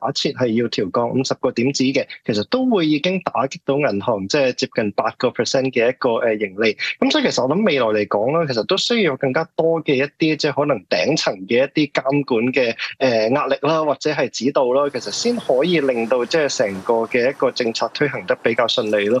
假設係要調降五十個點子嘅，其實都會已經打擊到銀行，即係接近八個 percent 嘅一個誒盈利。咁所以其實我諗未來嚟講啦，其實都需要有更加多嘅一啲，即係可能頂層嘅一啲監管嘅誒壓力啦，或者係指導啦，其實先可以令到即係成個嘅一個政策推行得比較順利咯。